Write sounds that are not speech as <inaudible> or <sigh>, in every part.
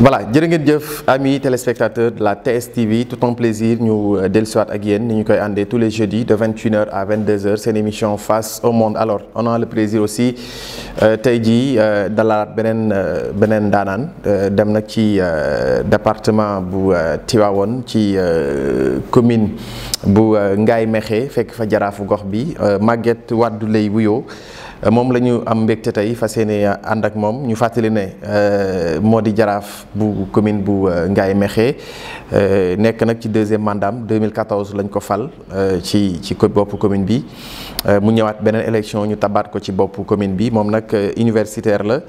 voilà jërë ngeen amis téléspectateurs de la TSTV tout un plaisir ñu euh, le ak à ni ñu koy tous les jeudis de 21h à 22h une émission face au monde alors on a le plaisir aussi euh, tey jii euh, la beneen de daanaan dem qui ci département bu Tivaouane ci commune bu Ngaye de fekk fa la gox bi Maguette Wade lay mom lañu am mbégte tay fas yéene ànd ak moom ñu fàttali né euh modi jaraf bu commune bu mexé euh, euh nek nak ci deuxième mandaam 2014 lañ ko fal euh, ci ci bop commune bi euh, mu ñëwaat benen élection ñu tabat ko ci bop commune bi mom nak universitaire la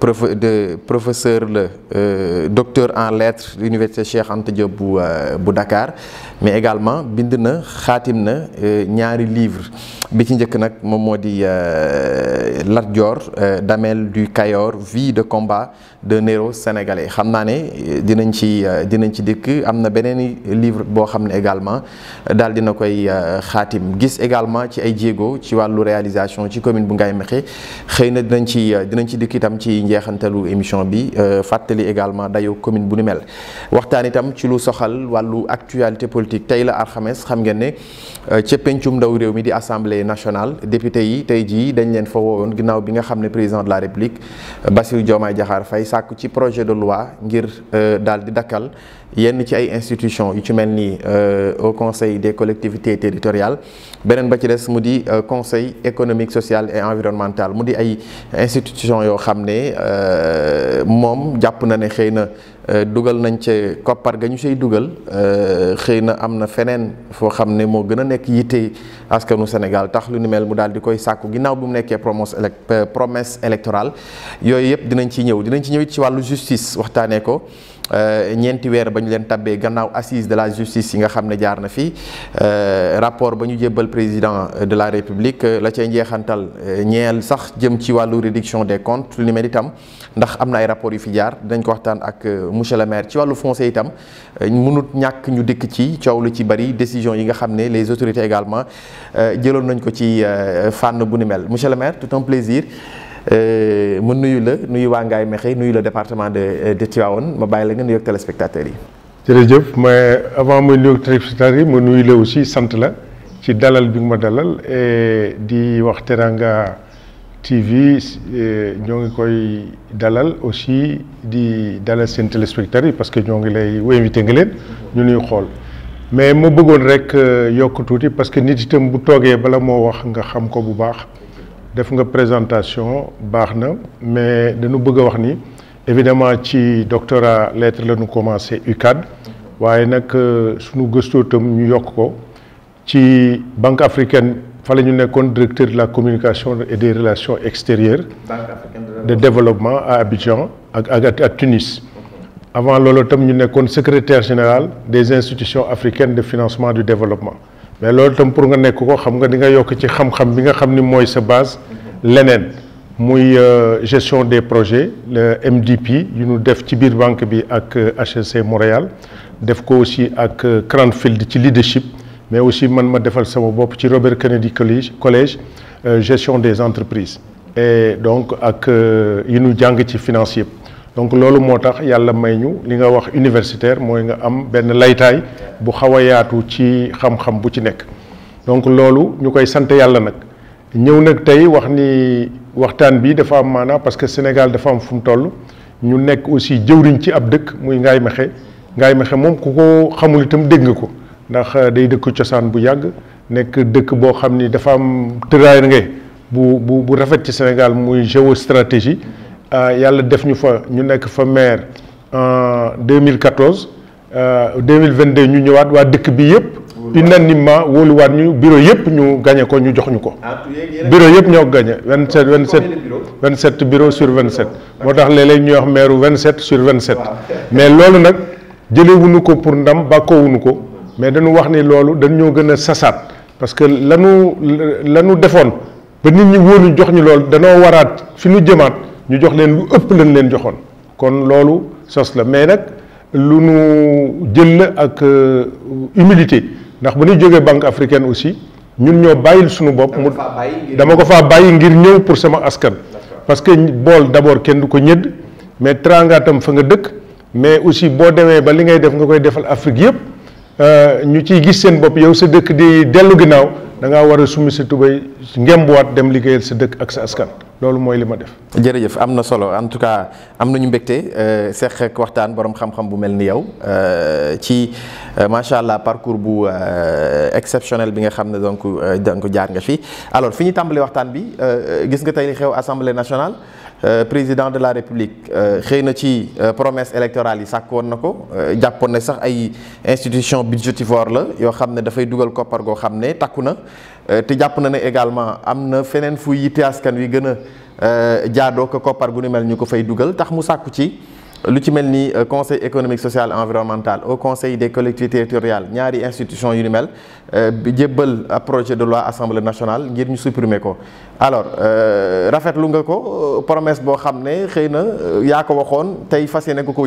prof de professeur le docteur en lettres université Cheikh Anta Diop bu bu Dakar mais également bindna na euh, ñaari livre bi ci nak euh, euh, Damel du Cayor vie de combat de Néros sénégalais xamna né dinañ ci dinañ ci amna benen livre bo xamné également dal dina koy khatim gis également ci ay ci réalisation ci commune bu dinañ ci dinañ ci itam ci émission bi également dayo commune bu mel itam ci lu soxal actualité politique politique tey la alxames xam ngeen ne euh, ca pencum ndaw réew mi di assemblée nationale député yi tey jii dañ leen fa woowoon ginnaaw bi nga xam ne président de la république euh, Bassirou Diomaye Diakhar Faye sàkku ci projet de loi ngir euh, daal di dakkal yenn ci ay institutions yu ci melni ni euh, au conseil des collectivités territoriales benen ba ci dess mu di euh, conseil économique social et environnemental mu di ay institutions yo xamné euh mom japp na ne xëy euh, dougal nañ ci copar ga ñu say dugal xëy na am na feneen foo xam ne moo gën a askanu Sénégal tax lu ni mel mu dal di koy sàkku ginnaaw bu mu nekké promesse promesse électorale yoy yep dinañ ci ñew dinañ ci ñew ci walu justice waxtaanee ko. Euh, ñeenti weer ba leen gannaaw assise de la justice nga xamné jaar na fi euh, rapport bañu jébal président de la république euh, la ñeël sax jëm ci réduction des comptes ndax ay rapport yu fi jaar ko waxtaan ak monsieur le maire ci itam mënut ñak ñu ci ciowlu ci bari décision yi nga les autorités également nañ ko ci fan bu ni mel monsieur le tout un plaisir Euh, ma nuyu la nuyu waa Ngaye Mékhé nuyu la département de euh, de Tivaouane ma bàyyi la nga nuyoog téléspectateurs yi. jërëjëf mais avant ma nuyoog yi ma nuyu la aussi sant la ci dalal bi nga ma dalal di wax Teranga TV euh, ñoo ngi koy dalal aussi di dalal seen téléspectateurs yi parce que ñoo ngi lay invité nga leen ñu nuy xool. mais ma bëggoon rek yokk tuuti parce que nit itam bu toogee bala moo wax nga xam ko bu baax def nga présentation baax mais dañu bëgg wax ni évidemment ci doctorat lettres la commencé UCAD waaye nag euh, suñu gëstoo tam ñu yokk ko ci banque africaine fa nous ñu directeur de la communication et des relations extérieures de développement à Abidjan ak Tunis avant loolu tam ñu nekkoon secrétaire général des institutions africaines de financement du développement mais loolu tam pour nga nekk ko xam nga di nga yokk ci xam-xam bi nga xam ni mooy sa base leneen muy euh, gestion des projets le MDP yu ñu def ci biir banque bi ak HEC euh, Montréal def ko aussi ak euh, Cranfield ci leadership mais aussi man ma defal sama bopp ci Robert Kennedy College collège gestion des entreprises et donc ak yu ñu jàng ci finance donc loolu moo tax yàlla may ñu li nga wax universitaire mooy nga am benn laytaay bu xaw a yaatu ci xam-xam bu ci nekk donc loolu ñu koy sante yàlla nag ñëw nag tey wax ni waxtaan bi dafa am maanaa parce que Sénégal dafa am fu mu toll ñu nekk aussi jëwriñ ci ab dëkk muy Ngaye Mékhé Ngaye Mékhé moom ku ko xamul itam dégg nga ko ndax euh, day dëkk cosaan bu yàgg nekk dëkk boo xam ni dafa am tëraay ngay bu bu bu rafet ci Sénégal muy stratégie Euh, yàlla def ñu fa ñu nekk fa maire en 2014 2022 euh, ñu ñëwaat waa dëkk bi yëpp. unanimement wóoluwaat ñu bureau yëpp ñu gañee ko ñu jox ñu ko. Ah, bureau yëpp ñoo gagné 27 27 27 bureau sur 27. moo tax léeg-léeg ñuy wax maire 27 sur 27. <laughs> mais loolu nag jëlewuñu ko pour ndam bàkkoowuñu ko mais dañu wax ni loolu dañoo gën a sasaat parce que lanu lanu defoon ba nit ñi ñu jox ñu loolu danoo waraat fi ñu jëmaat. ñu jox leen lu ëpp lañ leen joxoon kon loolu sos la mais nag lu nu jël la ak euh, humilité ndax bu ñuy jógee banque africaine aussi ñun ñoo bàyyil suñu bopp mu dama ko faa bàyyi ngir ñëw pour sama askan parce que bool d' abord kenn du ko ñëdd mais trangatam fa nga dëkk mais aussi boo demee ba li ngay def nga koy defal afrique yépp euh, ñu ciy gis seen bopp yow sa dëkk di dellu ginnaaw da ngaa war a summi sa tubay ngembuwaat dem liggéeyal sa dëkk ak sa askan loolu mooy li ma def. jërëjëf am na solo en tout cas am nañu mbégte euh, seq ak waxtaan borom xam-xam bu mel ni yow euh, ci euh, macha allah parcours bu exceptionnel bi nga xam ne donc donc jaar nga fi alors fi ñu tàmbali waxtaan bi gis nga tey xew assemblée nationale. Euh, président de la république euh, a ci euh, promesse électorale yi sax ay institution budgétivore la yo da fay des ne té également des fenen fu askan wi ko mel fay tax mu lu ci euh, conseil économique social et environnemental au conseil des collectivités territoriales ñaari institution yu ni mel euh, projet de loi assemblée nationale ngir ñu supprimer alors euh, rafetlu nga ko promesse boo xam ne xëy na yaa ko waxoon tey facile, ne nga koo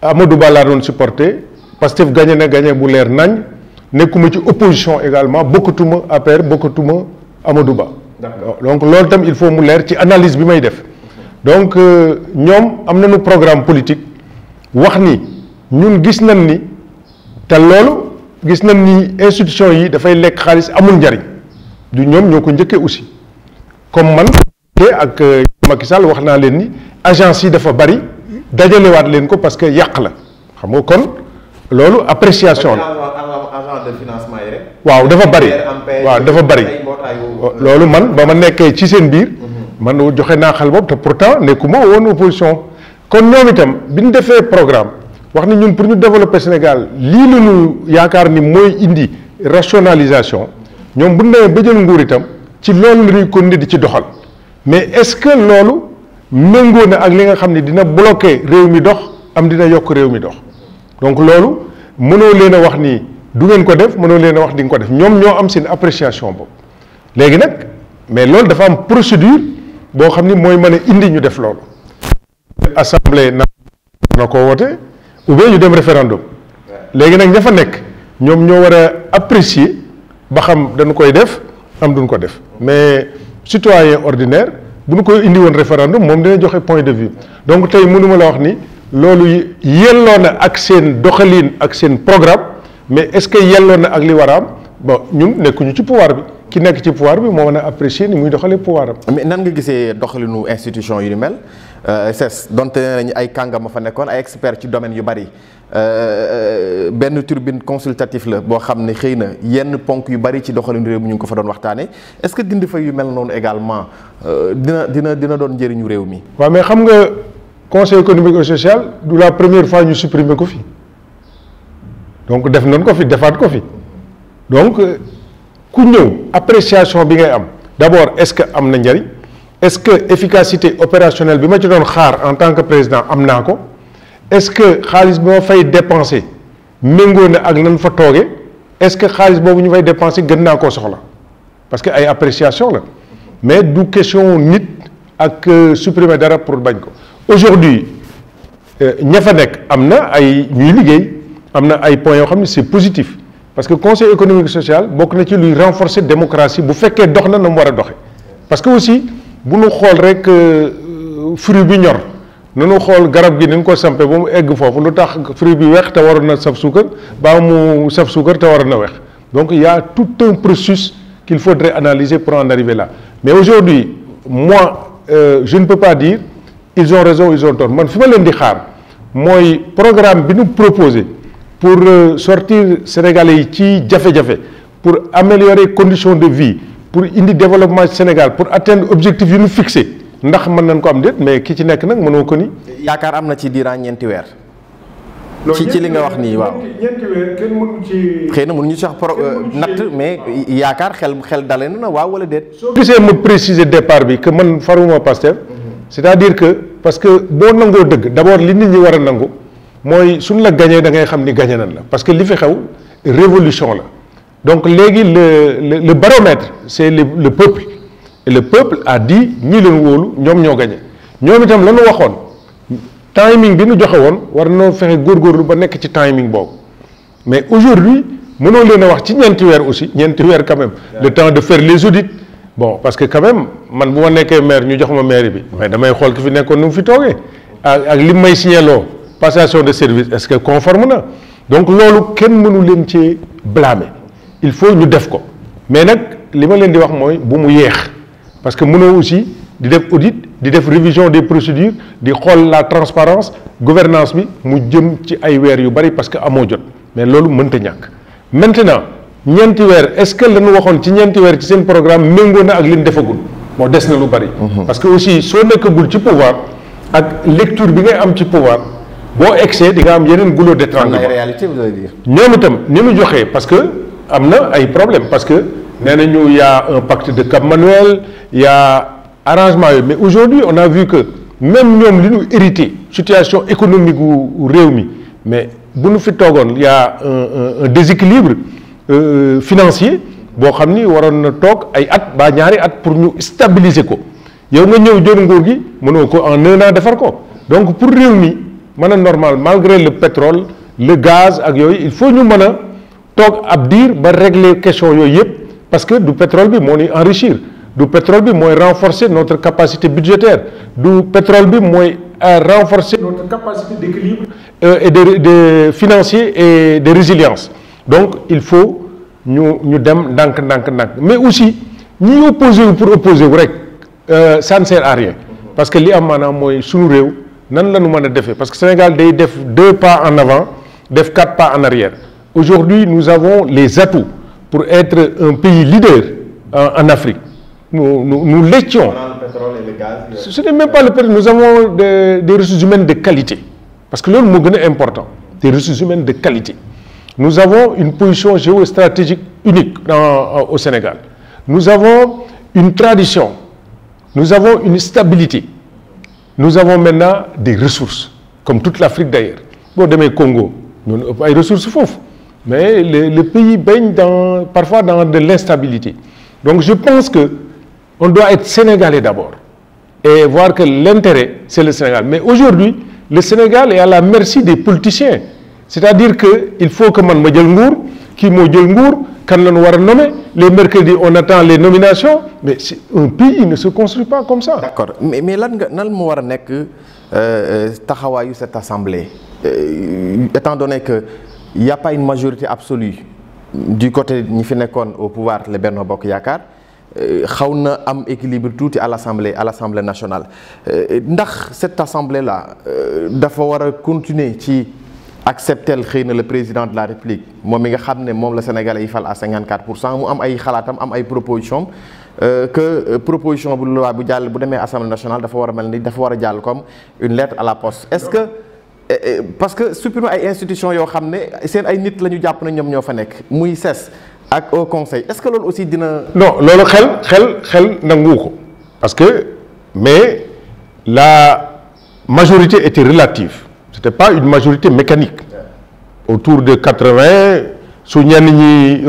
Amadou Bala Parce supporté. supporté que gagné na gagné bu leer nañ nekkuma ci opposition également beaucoup gagné monde Amadou donc l'autre il faut analyse donc nous avons un programme politique wax ni ñun gis nañ institution yi fay lekk xaliss amul du aussi comme man. ak euh, Macky Sall dajalewaat len ko parce que yak la xam nga kon loolu appréciation la agent de financement yi rek waaw dafa bari waaw dafa bari oh, loolu man bama ma ci sen bir mhm. man joxe na xal bob te pourtant nekuma won opposition kon ñoom itam biñ ñu programme wax ni ñun pour ñu développer Sénégal li lu ñu ni moy indi rationalisation ñoom bu ñu demee ba jël nguur itam ci loolu la ko nit ci doxal mais est-ce que loolu méngoo na ak li nga xam ni dina bloqué réew mi dox am dina yokk réew mi dox donc loolu mënoo leen a wax nii du ngeen ko def mënoo leen a wax di nga ko def ñoom ñoo am seen appréciation boobu léegi nag mais loolu dafa am procédure boo xam ni mooy mën a indi ñu def loolu. assemblée na na ko woote ou bien ñu dem référendum léegi nag ña fa nekk ñoom ñoo war a apprécier ba xam dañu koy def am duñ ko def mais citoyen ordinaire. bu ko indi won référendum mom dina joxe point de vue donc tay mënuma la wax ni loolu yelloo ak sen doxaline ak sen programme mais est-ce que yelloo ak li waram bon ñun nekku ñu ci pouvoir bi ki nek ci pouvoir bi mo meuna apprécier ni muy doxale pouvoir am. mais nan nga gisee doxalinu institution yu ni mel euh, CES donte ne nañu ay kangam a fa nekkoon ay expert ci domaine yu bari. Euh, ben tribune consultatif la boo xam ne xëy na yenn ponk yu bari ci doxalin réew mi ñu ko fa doon waxtaanee est-ce que dindi fa yu mel noonu également euh, dina dina dina doon njëriñu réew mi. wa mais xam nga conseil économique et social dou la première fois ñu supprimer ko fi donc def nañ ko fi defaat ko fi donc euh, ku ñëw appréciation bi ngay am d'abord est-ce que am na njëriñ est-ce que efficacité opérationnelle bi ma ci doon xaar en tant que président am na ko est-ce que Khalis boo fay dépenser Mengone ak lan fa tooge est-ce que Khalis boobu ñu fay dépenser gën ko soxla parce que ay appréciation là, mais du question nit ak euh, supprimer dara pour bañ ko aujourd'hui euh, ña fa nekk am ay ñuy liggéey amna ay points yo xamni c'est positif parce que conseil économique social bokk na ci luy renforcer démocratie bu fekkee dox na na mu war parce que aussi bu ñu xol rek euh, fruit bi ñor nous xool garab gi nous nga ko sampe ba mu egg vous lu tax fruit bi weex te waroon na saf sucre baa mu saf suukar te waroon na donc il y a tout un processus qu'il faudrait analyser pour en arriver là mais aujourd'hui moi euh, je ne peux pas dire ils ont raison ils ont tort man fi ma leen di xaar programme bi ñu proposé pour euh, sortir sénégalais yi ci jafe-jafe pour améliorer conditions de vie pour indi développement Sénégal pour atteindre objectif que ñu fixé ndax mën nañ ko am déet mais ki ci nekk nag mënoo ko ni. yaakaar am na ci diiraa ñeenti weer. ci ci li nga wax nii waaw ñeenti weer kenn mënu ci. xëy na mënuñu sax pro euh, natt mais yaakaar xel xel dalee na waaw wala déet. soo gisee ma préciser départ bi que man faruma Pastef mhm. c'est-à-dire que parce que boo nangoo dëgg d'abord li nit ñi war a nangu mooy suñ la gañee da ngay xam ni gañe nan la parce que li fi xew révolution la donc léegi le le baromètre c'est le peuple. le peuple a dit ñii leen wóolu ñoom ñoo gañe ñoom itam la ñu waxoon timing bi ñu joxe woon war nañoo fexe góorgóorlu ba nekk ci timing boobu mais aujourd'hui mënoo leen a wax ci ñeenti weer aussi ñeenti weer quand même le temps de faire les audits bon parce que quand même man bu ma nekkee maire ñu jox ma mairie bi mais damay xool ki fi nekkoon nu mu fi toogee ak ak signaler, may signaloo passation de service est-ce que conforme na donc loolu kenn mënu leen ci blâmer il faut ñu def ko mais nag li ma leen di wax mooy bu mu yéex parce que mënoo aussi di def audit di def révision des procédures di xool la transparence gouvernance bi mu jëm ci ay weer yu bari parce que amoo jot mais loolu mënta ñàkk maintenant ñeenti weer est-ce que lañu waxoon ci ñeenti weer ci seen programme méngoo na ak li ñu defagul moo des na lu bari. Mhm. parce que aussi soo nekkagul ci pouvoir ak lecture bi un am ci pouvoir bon excès di nga am yeneen goulot d'étranglement dire itam ni mu joxee parce que am na ay problème parce que il y a un pacte de Cap Manuel il y a arrangement mais aujourd'hui on a vu que même nous li ñu hérité situation économique wu réew mais bu y a un déséquilibre euh, financier Nous xam nous na toog ay at pour nous stabiliser il y a ñëw jël nguur nous en un an de ko donc pour réunir, normal malgré le pétrole le gaz il faut nous dire a ab régler les questions parce que du pétrole bi on enrichir du pétrole bi moy renforcer notre capacité budgétaire du pétrole bi mooy euh, renforcer notre capacité d'équilibre euh, et de de financier et de résilience donc il faut nous, nous, dem dank mais aussi nous opposer ou pour opposer euh, ça ne sert à rien parce que li am manam moy suñu rew nan la parce que Sénégal day def deux pas en avant def quatre pas en arrière aujourd'hui nous avons les atouts pour être un pays leader en, Afrique. Nous, nous, l'étions. Ce, n'est même pas le pétrole. Nous avons des, ressources humaines de qualité. Parce que nous est important. Des ressources humaines de qualité. Nous avons une position géostratégique unique euh, au Sénégal. Nous avons une tradition. Nous avons une stabilité. Nous avons maintenant des ressources, comme toute l'Afrique d'ailleurs. Bon, demain, Congo, nous pas des ressources fauves mais le, pays baigne dans, parfois dans de l'instabilité. Donc je pense que on doit être sénégalais d'abord et voir que l'intérêt, c'est le Sénégal. Mais aujourd'hui, le Sénégal est à la merci des politiciens. C'est-à-dire qu'il faut que man Ngour, qui Ngour, quand on va nommer, les mercredis, on attend les nominations, mais un pays ne se construit pas comme ça. D'accord. Mais, mais là, nous euh, que euh, cette assemblée, euh, étant donné que il n'y a pas une majorité absolue du côté ni fi au pouvoir le Berno Bok Yakar. Il euh, a am équilibre à l'assemblée à l'assemblée nationale euh, ndax cette assemblée là il euh, continuer à accepter le président de la république Moi, je nga le Sénégal a la à 54 Il y a am que proposition de loi nationale dafa faire, une lettre à la poste est-ce que eh, eh, parce que supprimer les institutions yoo xam ne seen ay nit la ñu qui na ñoom ñoo fa muy ak au conseil est-ce que l'on aussi dit. non l'on xel xel xel nangu ko parce que mais la majorité était relative Ce n'était pas une majorité mécanique autour de 80 su ñenn ñi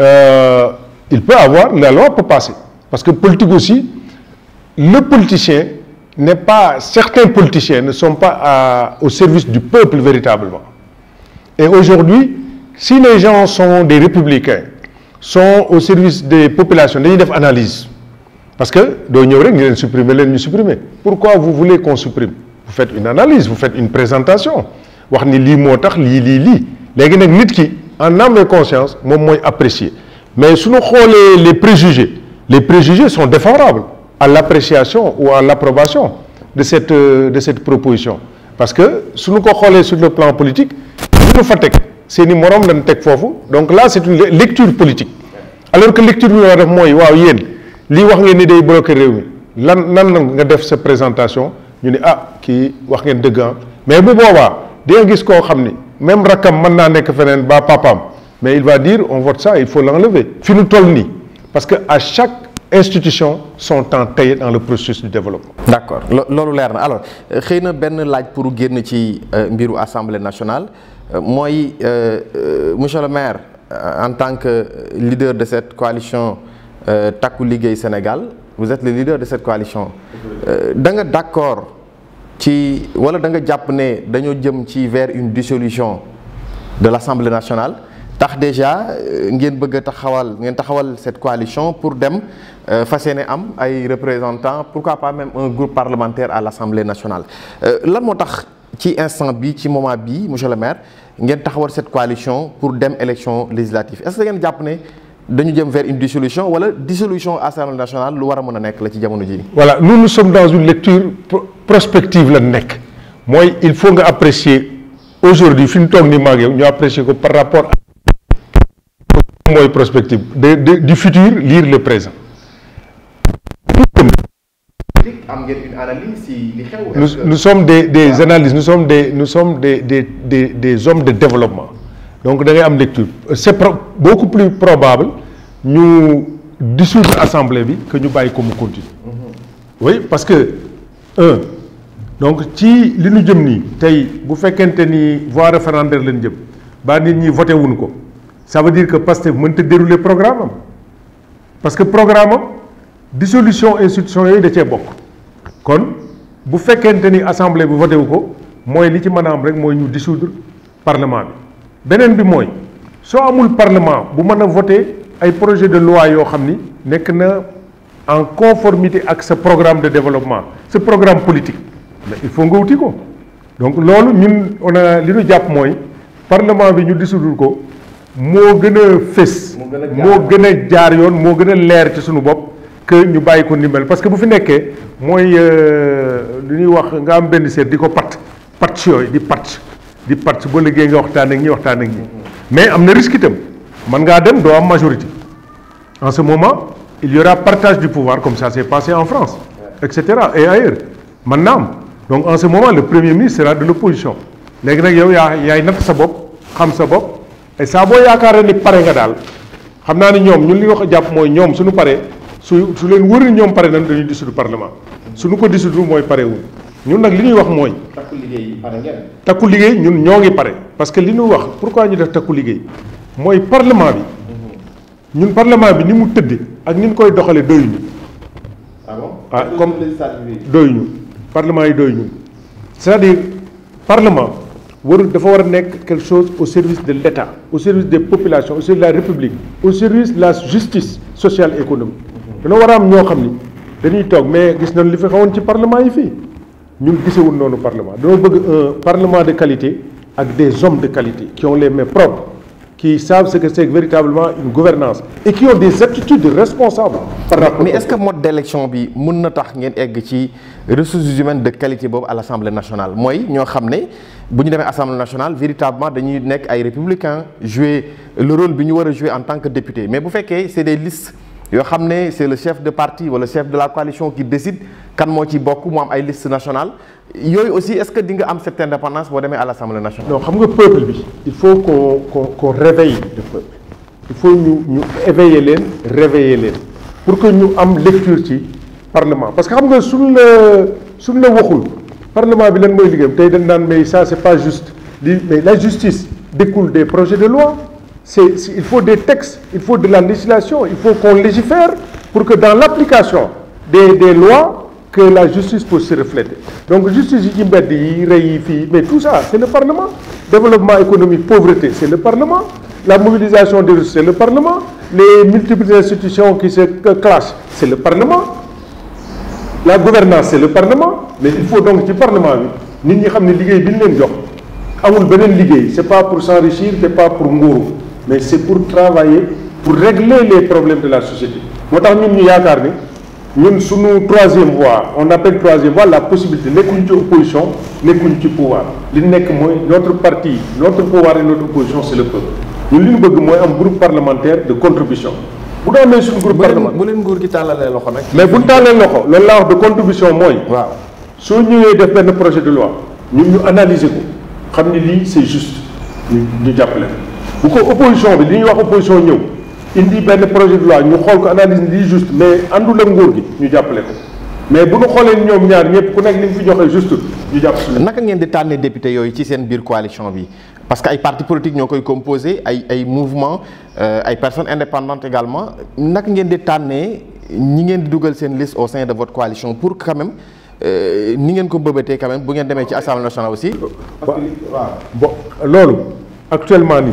euh, il peut avoir la loi peut passer parce que politique aussi le politicien n'est pas, certains politiciens ne sont pas au service du peuple véritablement. Et aujourd'hui, si les gens sont des républicains, sont au service des populations, ils font analyse. Parce que, ils supprimer, suppriment supprimer. Pourquoi vous voulez qu'on supprime Vous faites une analyse, vous faites une présentation. Vous dites, li motax, li li li. Les gens en âme et conscience, moi, apprécié. Mais si nous les préjugés, les préjugés sont défavorables à l'appréciation ou à l'approbation de cette, euh, de cette proposition. Parce que si nous regardons sur le plan politique, nous nous fatiguons. C'est ni morom d'un tek fofu. Donc là, c'est une lecture politique. Alors que lecture nous a moi, waouh yen, li wax ngeen ni day broker rew mi. Lan nan nga def sa présentation, ñu ni ah ki wax ngeen deug ah. Mais bu boba, di nga gis ko xamni même rakam man na nek fenen ba papam. Mais il va dire on vote ça, il faut l'enlever. Fi nous toll ni parce que à chaque institutions sont entaillées dans le processus du développement. D'accord. alors je euh, ne benn laaj pour vous ci euh, mbiru assemblée nationale euh, Moi, monsieur le maire en tant que leader de cette coalition Takulige et Sénégal vous êtes le leader de cette coalition. da d'accord ci wala da nga jëm ci vers une dissolution de l'Assemblée nationale. tax déjà ngeen bëgg taxawal cette coalition pour dem euh, fas am ay représentants pourquoi pas même un groupe parlementaire à l'Assemblée nationale euh, lan motax qui ci instant bi ci moment bi monsieur le maire ngeen cette coalition pour dem élection législative est-ce que ngeen sommes ne dañu jëm vers une dissolution wala dissolution l'Assemblée nationale lu la ci jamono ji voilà nous sommes dans une lecture prospective il faut apprécier aujourd'hui tok ni apprécier par rapport à la prospective du futur lire le présent critique am une analyse si li xew. nous sommes des des analystes nous sommes des nous sommes des des des des hommes de développement donc da ngay am lecture c'est beaucoup plus probable ñu dissoudre l'assemblée bi que ñu bàyyi ko mu continue mm-hmm. oui parce que un donc ci li ñu jëm ni tay bu fekkente ni voie référendaire leen jëm ba nit ñi voté wuñ ko ça veut dire que Pastef te dérouler programme parce que programme dissolution institution yooyu da cee bokk kon bu fekkente ni assemblée bi voté wu ko mooy li ci mën am rek mooy ñu dissoudre parlement bi beneen bi mooy soo amul parlement bu mën a voté ay projet de loi yoo xam ni nekk na en conformité ak sa programme de développement sa programme politique mais il faut nga wuti ko donc loolu ñun on a li ñu jàpp mooy parlement bi ñu dissoudre ko moo gën a fés moo gën a jaar yoon moo gën a leer ci sunu bopp que ñu bayiko ko parce que bu fi nekkee mooy euh, lu ñuy wax nga am benn seet diko pat pat yoy di pat di pat bo liggéey nga waxtaan ak ñi waxtaan ak ñi mais amna risque itam man nga dem do am majorité en ce moment il y aura partage du pouvoir comme ça s'est passé en France et cetera et ailleurs Maintenant, donc en ce moment le premier ministre sera de l'opposition légui nag yow yaa yaay nat sa bop xam sa bop et sa bo yaakaaree ni paré nga dal xamna ni ñom ñun li wax japp moy ñom suñu paré su su leen wër ñoom pare nañ dañuy dissoudre parlement suñu ko dissoudre mooy pare wuñ ñun nag li ñuy wax mooy. takku liggéey pare ngeen. takku liggéey ñun ñoo ngi pare parce que li ñu wax pourquoi ñu def takku liggéey mooy parlement bi mhm. ñun parlement bi ni mu tëdd ak ni ñu koy deux doyuñu. ah bon ah comme doyuñu parlement yi doyuñu c'est-à-dire parlement warul dafa war a quelque chose au service de l'État au service des populations au service de la République au service de la justice sociale et économique dañoo war a am ñoo xam ni dañuy toog mais gis nañ li fi xawoon ci parlement yi fii ñun gisewul noonu parlement dañoo bëgg un parlement de qualité ak des hommes de qualité qui ont les mains propres qui savent ce que c'est véritablement une gouvernance et qui ont des aptitudes responsables par rapport mais est-ce que mode d'élection bi mën na tax ngeen egg ci ressources humaines de qualité boobu à l'Assemblée nationale mooy ñoo xam ne bu ñu demee Assemblée nationale véritablement dañuy nekk ay républicains jouer le rôle bi ñu war a jouer en tant que député mais bu fekkee c'est des listes c'est le chef de parti le chef de la coalition qui décide quand moo ci beaucoup mu am liste nationale yoy aussi est-ce que dinga am cette indépendance pour demee à l'Assemblée nationale. non xam nga peuple bi il faut qu'on qu'on réveille le peuple il faut nous ñu éveiller les, réveiller les, pour que nous am lecture ci parlement parce que xam nga le le la waxul parlement bi lan moy liggéeyam tay dañ mais ça c'est pas juste mais la justice découle des projets de loi il faut des textes, il faut de la législation, il faut qu'on légifère pour que dans l'application des, lois, que la justice puisse se refléter. Donc justice, mais tout ça, c'est le Parlement. Développement économique, pauvreté, c'est le Parlement. La mobilisation des ressources, c'est le Parlement. Les multiples institutions qui se clashent, c'est le Parlement. La gouvernance, c'est le Parlement. Mais il faut donc du Parlement, nous savons que c'est pas pour s'enrichir, c'est pas pour mourir mais c'est pour travailler pour régler les problèmes de la société Quand on ñun ñu troisième voie on appelle troisième voie la possibilité de ci opposition nekkuñ ci pouvoir li notre parti notre pouvoir et notre opposition c'est le peuple Nous avons un groupe parlementaire de contribution Vous avez un groupe parlementaire mais vous avez un loxo loolu de contribution Si waaw faisons un projet de loi nous ñu analyser ko c'est juste ñu ñu bu ko opposition bi li ñuy wax opposition ñëw indi benn projet de loi ñu xool ko analyse ni lii juste mais àndul ak nguur gi ñu jàppale ko mais bu ñu xoolee ñoom ñaar ñëpp ku nekk li mu fi joxe juste ñu su naka ngeen di tànnee député yooyu ci seen biir coalition bi parce que ay parti politique ñoo koy composé ay ay mouvement euh, ay personnes indépendantes également naka ngeen di tànnee ñi ngeen di dugal seen liste au sein de votre coalition pour quand même euh, ni ngeen ko mbëbëtee quand même bu ngeen demee ci assemblée nationale aussi. parce que waaw bon loolu actuellement nii.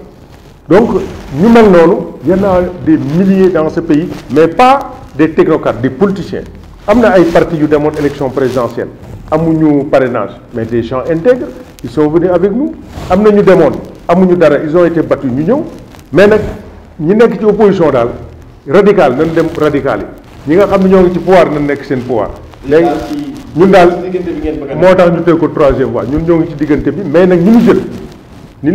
Donc, nous maintenant, il y en a des milliers dans ce pays, mais pas des technocrates, des politiciens. Il y a des partis présidentielle. élection présidentielle, parrainage, mais des gens intègres, ils sont venus avec nous. Ils ont gens ils ont été battus, nous Mais nous sommes en opposition, nous radicales. Nous pouvoir, nous sommes Nous pouvoir. nous ñun nous Nous tax ñu nous troisième fois nous mais nous nous jël ni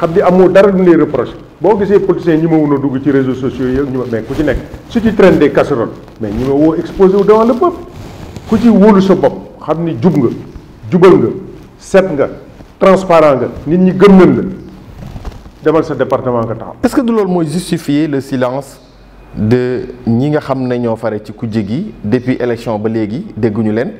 xam ni amoo dara lu lay reproche boo gisee politiciens ñi ma wun a dugg ci réseaux sociaux yi ñu ma mais ku ci nekk su ci traîne des casseroles mais ñi ma woo exposé wu devant le peuple ku ci wóolu sa bopp xam ni jub nga jubal nga set nga transparent nga nit ñi gëm nañ la demal sa département nga taxaw. est-ce que du loolu mooy justifier le silence de ñi nga xam ne ñoo fare ci kujje gi depuis élection ba léegi dégguñu leen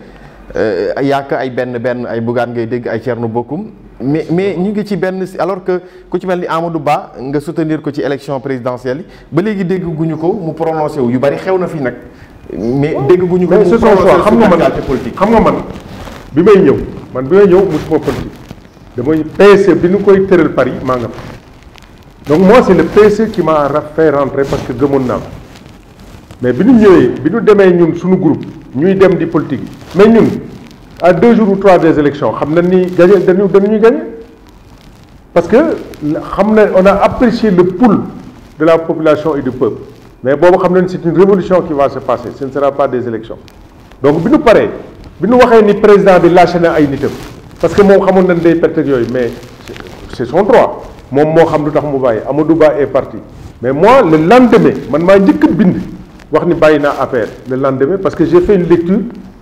euh, yàq ay benn benn ay Bougane ngay dégg ay Thierno Bocoum mais nous ngi alors que ku ci melni Amadou Ba nga soutenir ko ci élection présidentielle ba légui dégg guñu ko mu prononcé wu yu bari xewna fi mais oh. dégg ko xam nga man xam nga man bi may ñew man bi may mu politique damay e bi nu koy Paris nga donc moi c'est le PC e qui m'a fait rentrer parce que gëmoon naa mais bi nu ñewé bi nu démé ñun suñu groupe ñuy dem di politique mais ñun à deux jours ou trois des élections on ni gagné dañu dañuy parce que on a apprécié le pouls de la population et du peuple mais bon, c'est une révolution qui va se passer ce ne sera pas des élections donc si nous paree bi ñu waxee ni président bi lâché na ay parce que moi, xamoon nañ day perte ak mais c'est son droit Moi, je xam pas tax mu Amadouba est parti mais moi le lendemain man ne njëkk pas bind wax ni le lendemain parce que j'ai fait une lecture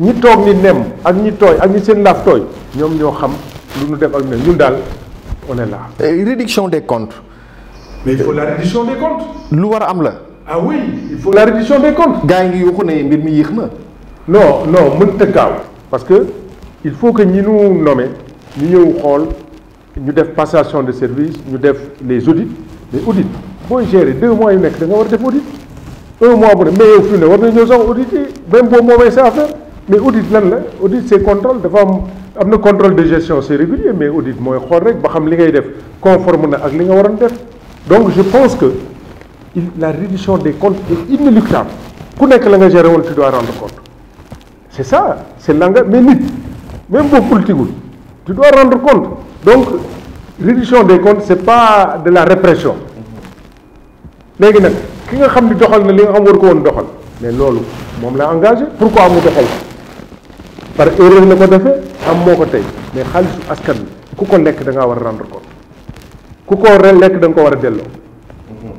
ñi toog ni nem ak ñi tooy ak ñi seen laaf tooy ñoom ñoo xam lu ñu def ak ñun daal on est là. réduction des comptes. mais il faut la réduction des comptes. lu war a am la. ah oui il faut la réduction des comptes. gars yi ngi yuuxu ne mbir mi yéex na. non non mënta gaaw parce que il faut que ñi nu nommé ñu ñëw xool ñu def passation de service ñu def les audits les audits booy gérer deux mois yu nekk da nga war a def audit un mois bu ne mais yow fii ne war na ñëw sax audit yi même boobu moo sa affaire mais audit lan la c'est contrôle dafa am contrôle de gestion c'est régulier mais audit moy xool rek ba xam li ngay def conforme na ak li nga waron def donc je pense que la réduction des comptes est inéluctable ku nek la nga gérer tu dois rendre compte c'est ça c'est langage mais nit même boo politique tu dois rendre compte donc réduction des comptes c'est pas de la répression légui nak ki nga xam ni doxal na li nga xam war ko won doxal mais loolu mom la engagé pourquoi mu doxal par erreur la ko defee am moo ko tey mais xaalisu askan kuko ku ko lekk da ngaa war a rendre compte ku ko lekk da nga ko war a delloo mhm.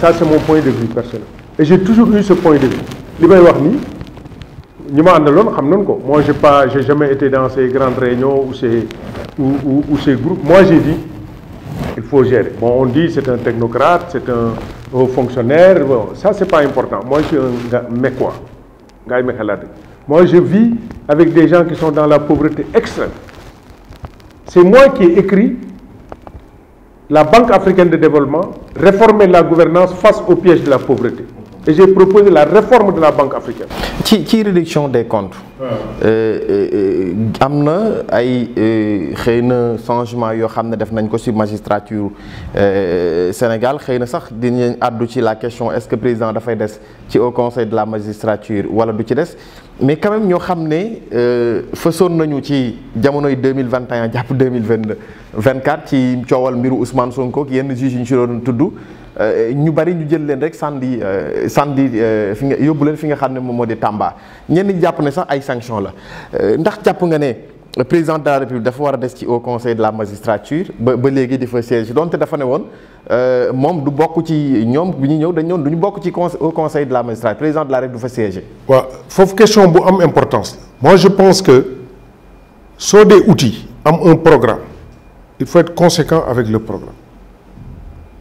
ça c'est mon point de vue personnel et j'ai toujours eu ce point de vue li may wax nii ñi ma àndaloon xam nañ ko moi j'ai pas j'ai jamais été dans ces grandes réunions ou ces ou ou, ces groupes moi j'ai dit il faut gérer bon on dit c'est un technocrate c'est un, haut fonctionnaire bon ça c'est pas important moi je suis un gars mecquois ngay moi, je vis avec des gens qui sont dans la pauvreté extrême. C'est moi qui ai écrit la Banque africaine de développement, réformer la gouvernance face au piège de la pauvreté et j'ai proposé la réforme de la Banque africaine. ci ci réduction des comptes. Euh, euh, euh, am na ay xëy changement yo xamne magistrature def nañ ko ci magistrature Sénégal xeyna sax addu ci la question est-ce que le président fay dess ci au conseil de la magistrature wala du ci dess mais quand même ñoo xam euh fësoon nañu ci jamonoy 2021 mille vingt et un ci ciowal mbiru Ousmane Sonko yenn juge ñu ci doon euh, ñu bari ñu jël leen rek sandi euh, sandi euh, fi nga leen fi nga Tamba président de la République au conseil de la magistrature ba siège dafa du ci au conseil de la magistrature de la République question bu am importance moi je pense que sur des outils, am un programme il faut être conséquent avec le programme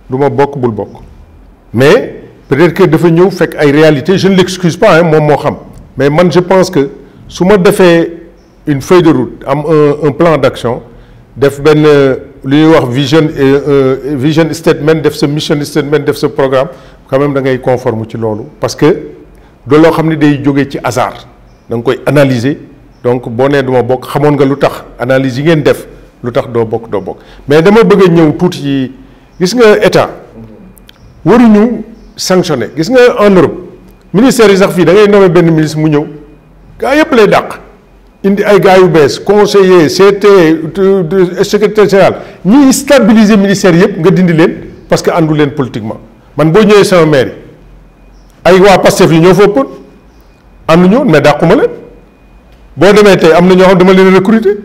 duma ma bokk bul bokk mais peut-être que dafa ñëw fekk ay réalité je ne l'excuse pas hein moom moo xam mais man je pense que su ma defee une feuille de route am un un plan d'action def benn lu ñuy wax vision euh, euh, vision statement def sa mission statement def sa programme quand même da ngay conforme ci loolu parce que do loo xam ne day jóge ci hasard da nga koy analyser donc boo nee du ma bokk xamoon nga lu tax analyse yi ngeen def lu tax doo bokk doo bokk mais dama bëgg a ñëw tuuti gis nga état waruñu sanctionné gis nga en Europe ministère yi sax fii da ngay nommé benn ministre mu ñëw gaa yëpp lay dàq indi ay gars yu bees conseiller CT secrétaire général ñiy stabiliser ministère yëpp nga dindi leen parce que àndu leen politiquement man boo ñëwee sama maire ay waa Pastef yi ñoo foo ëppoon ànduñu mais dàquma leen boo demee tey am na ñoo xam dama leen recruter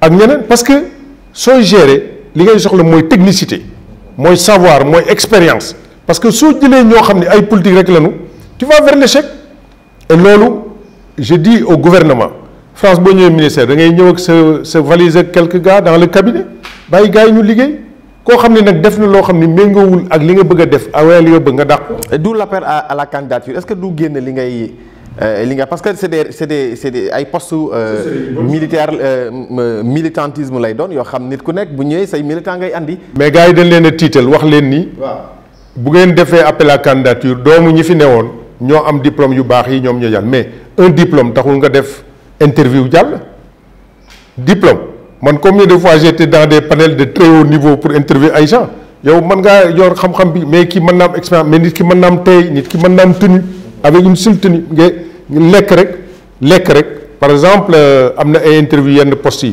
ak ñeneen parce que sooy gérer li ngay soxla mooy technicité mooy savoir mooy expérience parce que soo jëlee ñoo xam ne ay politique rek lañu tu vas vers l'échec et loolu je dis au gouvernement France boo ñëwee ministère da ngay ñëw ak sa sa valise ak quelques gars dans le cabinet bàyyi gars yi ñu liggéey koo xam ne nag def na loo xam ne méngoowul ak li nga bëgg a def awel li nga bëgg nga dàq. d'où l'appel à la candidature est-ce que du génn li ngay. Euh, li parce que c'est des c'est des c'est des ay poste euh, militaire euh, militantisme lay doon yo xam nit ku nekk bu ñëwee say militant ngay andi. mais gaay dañ leen a tiital wax leen ni. bu ngeen defee appel à candidature doomu ñi fi newoon ño am diplôme yu bax yi ñom ñoo yal mais un diplôme taxul nga def interview jall diplôme man combien de fois j'étais dans des panels de très haut niveau pour interviewer ay gens yow man nga yor xam-xam bi mais ki man naa am expérience mais nit ki man naa am tey nit ki man naa am tenue avec une seule tenue par exemple euh, interview poste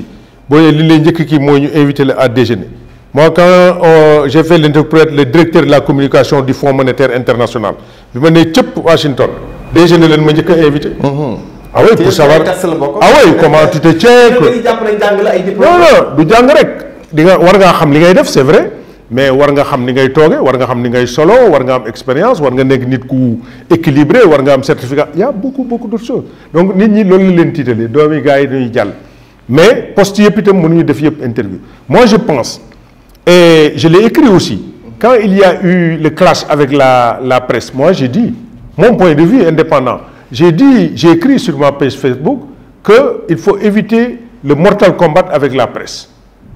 à déjeuner moi quand euh, j'ai fait l'interprète, le directeur de la communication du Fonds monétaire international Washington déjeuner ma à mm-hmm. ah oui pour savoir ah comment tu te tiens. non non c'est vrai mais war nga xam ni ngay une war nga xam ni ngay solo war nga am expérience war nga nekk nit ku équilibré war nga am certificat y a beaucoup beaucoup d'autres choses donc nit ñi loolu la leen tiitalee doomi gars yi dañuy jàll mais poste yëpp itam mënuñu def interview moi je pense et je l'ai écrit aussi quand il y a eu le clash avec la la presse moi j'ai dit mon point de vue indépendant j'ai dit j'ai écrit sur ma page Facebook que il faut éviter le mortal combat avec la presse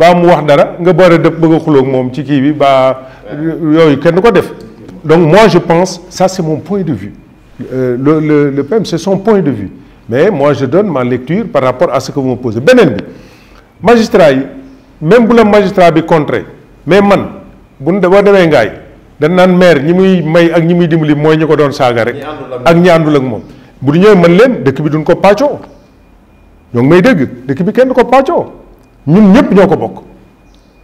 baa wax dara nga boole dëpp bëgg a xuloog moom ci ki bi ba yoy kenn ko def donc moi je pense ça c'est mon point de vue euh, le le le PM c'est son point de vue mais moi je donne ma lecture par rapport à ce que vous me posez benen bi magistrat yi même bu le magistrat bi contré mais man bu ñu boo ngay dañ nan maire ñi muy may ak ñi muy dimbali moy ñi ko doon saga rek ak ñi àndul ak mom bu du ñëwee mën leen dekk bi duñ ko pacho ñoo may deug dekk bi kenn ko pacho nous, n'avons pas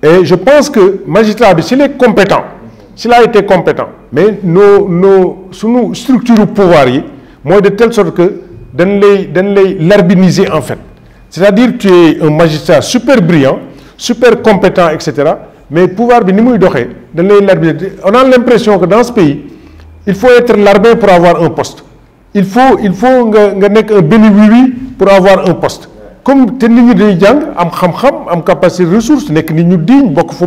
et je pense que magistrat s'il est compétent s'il a été compétent mais nos nos structures de pouvoir yi de telle sorte que dañ lay dañ larbiniser en fait c'est-à-dire tu es un magistrat super brillant super compétent etc., mais pouvoir bi ni larbiniser on a l'impression que dans ce pays il faut être larbin pour avoir un poste il faut il faut un béni pour avoir un poste comme te nit ñi day jàng am xam-xam am capacité ressources, nek nit ñu diñ fu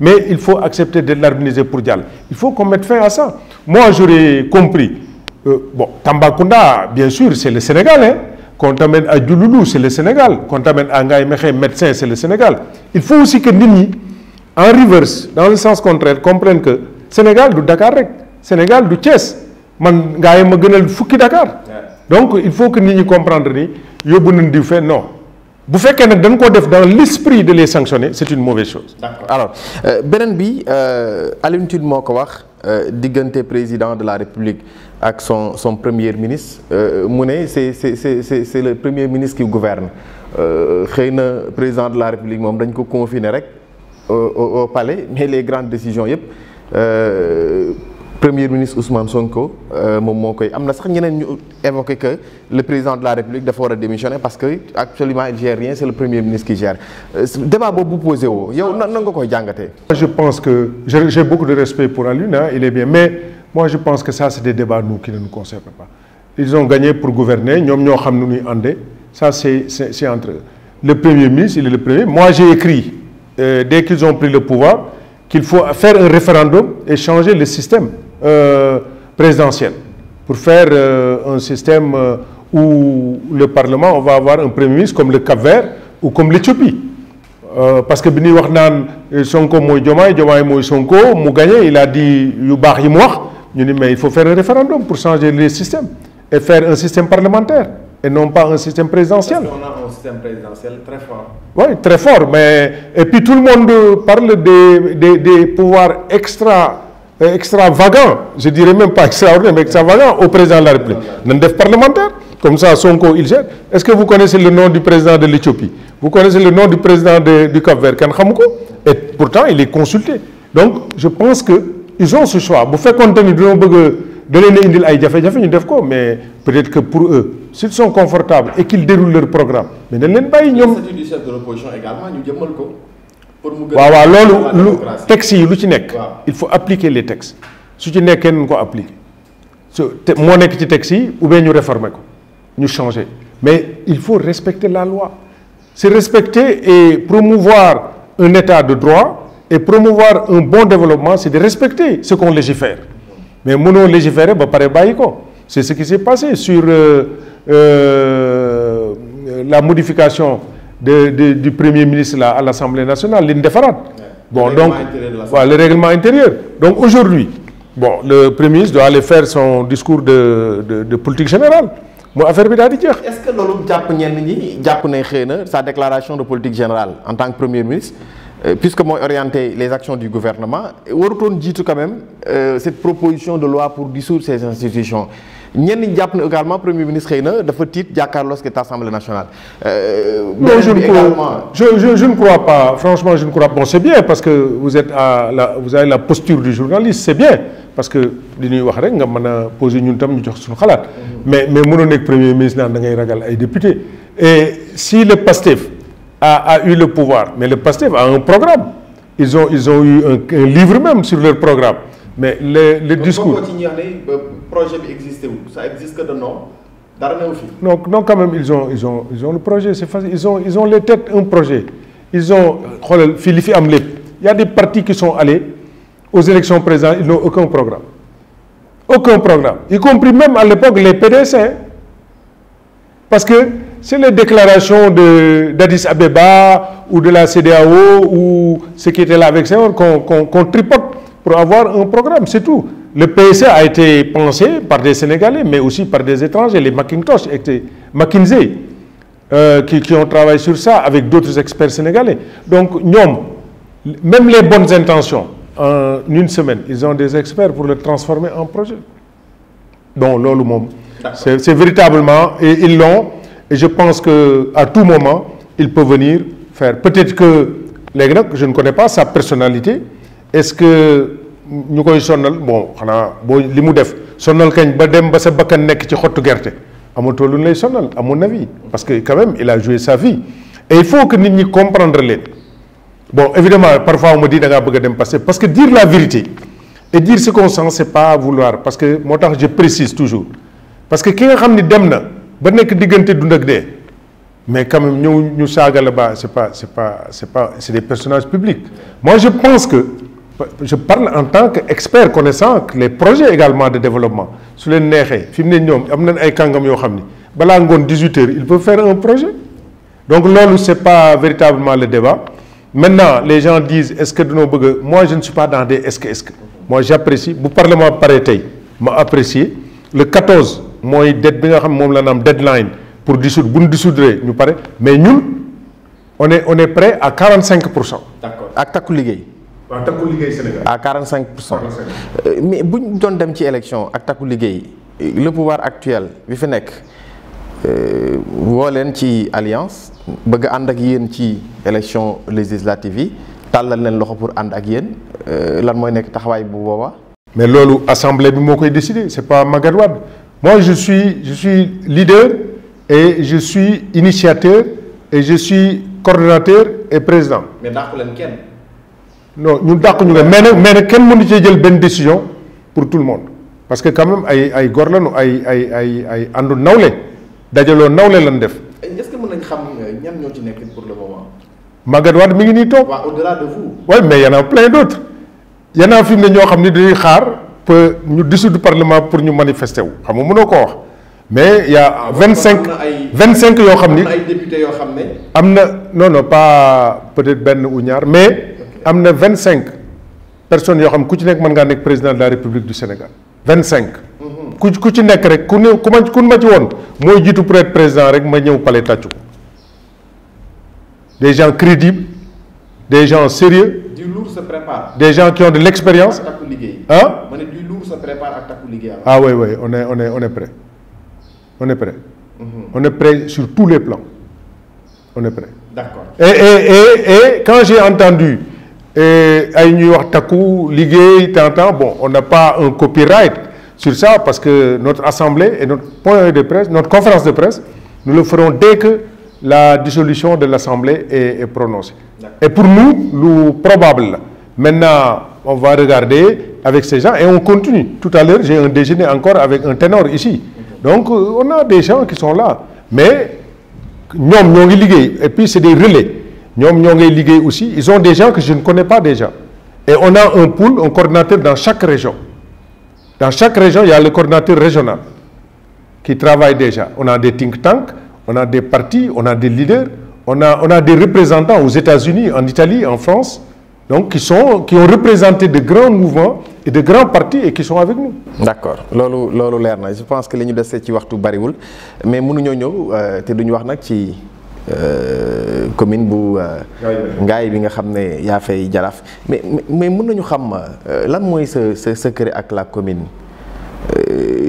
mais il faut accepter de l'harmoniser pour dial. il faut qu'on mette fin à ça moi j'aurais compris Bon, euh, bon Tambacounda bien sûr c'est le Sénégal hein tu t'amène à Djouloulou, c'est le Sénégal Quand t'amène à Ngaï Mékhé médecin c'est le Sénégal il faut aussi que nit en reverse dans le sens contraire comprennent que Sénégal du Dakar rek Sénégal du Thiès man Ngaye ma gënal fukki Dakar donc il faut que nit ñi comprennent yóbbu nañ pas non bu faites nag dañ dans l'esprit de les sanctionner c'est une mauvaise chose. alors euh, Berenbi, bi euh, Alioune euh, dit que président de la République avec son premier ministre c'est c'est c'est le premier ministre qui gouverne Rien le président de la République moom dañ ko confiner au palais mais les grandes décisions premier ministre Ousmane Sonko euh, évoqué que le président de la République doit démissionner parce que actuellement il gère rien c'est le premier ministre qui gère euh, débat beaucoup posé yo yow je pense que j'ai beaucoup de respect pour Aluna, hein, il est bien mais moi je pense que ça c'est des débats nous qui ne nous concernent pas ils ont gagné pour gouverner ils ñoo gagné ñuy ça c'est entre eux. le premier ministre il est le premier moi j'ai écrit euh, dès qu'ils ont pris le pouvoir qu'il faut faire un référendum et changer le système euh, présidentielle, pour faire euh, un système euh, où le Parlement, on va avoir un Premier ministre comme le Cap-Vert ou comme l'Éthiopie. parce que Bini Warnan, Sonko Moy Djoma et Sonko, Mougagné, il a dit Mais il faut faire un référendum pour changer le système et faire un système parlementaire et non pas un système présidentiel. on a un système présidentiel très fort. Oui, très fort. Mais... Et puis tout le monde parle des, des, des pouvoirs extra euh, extravagant, je dirais même pas extraordinaire, mais extravagant au président de la République. parlementaire, comme ça, Sonko, il gère. Est-ce que vous connaissez le nom du président de l'Éthiopie Vous connaissez le nom du président du Cap-Vert, Et pourtant, il est consulté. Donc, je pense qu'ils ont ce choix. Vous faites compte de mais peut-être que pour eux, s'ils sont confortables et qu'ils déroulent leur programme, mais ne pas. également, nous il faut appliquer les textes Si tu n'es qu'un, ko appliquer su ou bien nous réformer nous changer mais il faut respecter la loi c'est respecter et promouvoir un état de droit et promouvoir un bon développement c'est de respecter ce qu'on légifère mais mënoo on légifère, c'est ce qui s'est passé sur euh, euh, la modification du Premier ministre à l'Assemblée nationale, l'une Bon, le donc, le règlement intérieur. Donc aujourd'hui, bon, le Premier ministre doit aller faire son discours de, politique générale. Est-ce que l'on a sa déclaration de politique générale en tant que Premier ministre euh, puisque moi orienté les actions du gouvernement, on dit quand même euh, cette proposition de loi pour dissoudre ces institutions ñenn ñi jàpp également premier ministre xeyna dafa diakar jàkkaarloo ak l'Assemblée nationale. Euh, non je ne crois je je je ne crois pas franchement je ne crois pas bon c'est bien parce que vous êtes à la vous avez la posture du journaliste c'est bien parce que li ñuy wax rek nga mën poser ñun tam ñu jox suñu xalaat. Mhm. mais mais mënoo le premier ministre naan da ngay ragal ay député et si le PASTEF a a eu le pouvoir mais le PASTEF a un programme ils ont ils ont eu un livre même sur leur programme mais le le discours Le euh, projet existe où ça existe que de nom non quand même ils ont ils ont ils ont le projet c'est ils ont ils ont les têtes un projet ils ont Il y a des partis qui sont allés aux élections présentes, ils n'ont aucun programme. aucun programme y compris même à l'époque les PDC. Hein. parce que c'est les déclarations de d'Addis Abeba ou de la CDAO ou ce qui était là avec ça qu'on qu'on tripote pour avoir un programme, c'est tout. Le PSC a été pensé par des Sénégalais, mais aussi par des étrangers, les Macintosh, McKinsey, euh, qui, ont travaillé sur ça avec d'autres experts sénégalais. Donc, même les bonnes intentions, en une semaine, ils ont des experts pour le transformer en projet. Donc, c'est véritablement, et ils l'ont, et je pense qu'à tout moment, ils peuvent venir faire. Peut-être que, les Grecs, je ne connais pas sa personnalité, est-ce que nous koy sonnal bon xana bo limu def sonnal kañ ba dem ba sa bakkan nek ci xottu gerte amatoo lu lay sonnal amu mon avis parce que quand même il a joué sa vie et il faut que nit ñi comprendre leen bon évidemment parfois on me dit da nga bëgg dem passer parce que dire la vérité et dire ce qu'on sent c'est pas vouloir parce que motax je précise toujours parce que ki nga xamni dem na ba nek diggante dund ak dee mais quand même ñeu ñu saaga ba c'est pas c'est pas c'est pas c'est des personnages publics moi je pense que je parle en tant qu'expert connaissant les projets également de développement sur les nerfs, fi mu a des gens qui ay kàngam 18 heures il peut faire un projet donc ce c'est pas véritablement le débat maintenant les gens disent est-ce que nous, bëgg moi je ne suis pas dans des est-ce que est-ce que moi j'apprécie le parlement pare ma apprécier le 14 il date bi nga deadline pour dissoudre bu dissoudre nous paraît. mais nous on est on est prêt à 45 d'accord ak à à 45 euh, mais si on une élection le pouvoir actuel vous fi une euh, alliance bëgg élection législative pour euh, mais l'Assemblée assemblée bi pas ma moi je suis je suis leader et je suis initiateur et je suis coordinateur et président. mais non nous dàq ñu mais mais nag kenn jël décision pour tout le monde parce que quand même ay ay góor lañu ay ay ay ay àndu nawle def. est-ce que mën nañ xam euh, ñan ñoo ci nekk pour le moment. Magatte Wade mi ngi au-delà de vous. oui mais il y en a plein d'autres Il y en a qui ont ne ñoo xam ne dañuy xaar Nous, ñu le parlement pour nous manifester Je ne nga pas Mais wax mais y a 25 25 yo xamni ay députés yo xamné amna non non pas peut-être Ben ou mais amna 25 personnes yo xam ku ci nek man nga nek président de la république du Sénégal 25. cinq ku ku ci nek rek ku ne ku ma ku ma ci won moy jitu pour être président rek ma ñew palais tàccu des gens crédibles des gens sérieux du lourd se prépare des gens qui ont de l'expérience ah ma du lourd se prépare ak takku liguey ah oui oui on est on est on est prêt on est prêt mm-hmm. on est prêt sur tous les plans on est prêt d'accord et et et et quand j'ai entendu et ay ñuy wax takku bon on n'a pas un copyright sur ça parce que notre assemblée et notre point de presse notre conférence de presse nous le ferons dès que la dissolution de l'assemblée est, prononcée et pour nous le probable maintenant on va regarder avec ces gens et on continue tout à l'heure j'ai un déjeuner encore avec un ténor ici donc euh, on a des gens qui sont là mais nous, nous et puis c'est des relais Nyong aussi ils ont des gens que je ne connais pas déjà et on a un pool un coordinateur dans chaque région dans chaque région il y a le coordinateur régional qui travaille déjà on a des think tanks on a des partis on a des leaders on a des représentants aux États-Unis en Italie en France qui ont représenté de grands mouvements et de grands partis et qui sont avec nous. d'accord je pense que li ñu de ci waxtu bariwul mais nous ñëw euh, te duñu euh, commune bu euh, ngaay bi nga xamné ya fay jaraf mais mais mën nañu xam euh, lan moy ce sa secret ak la commune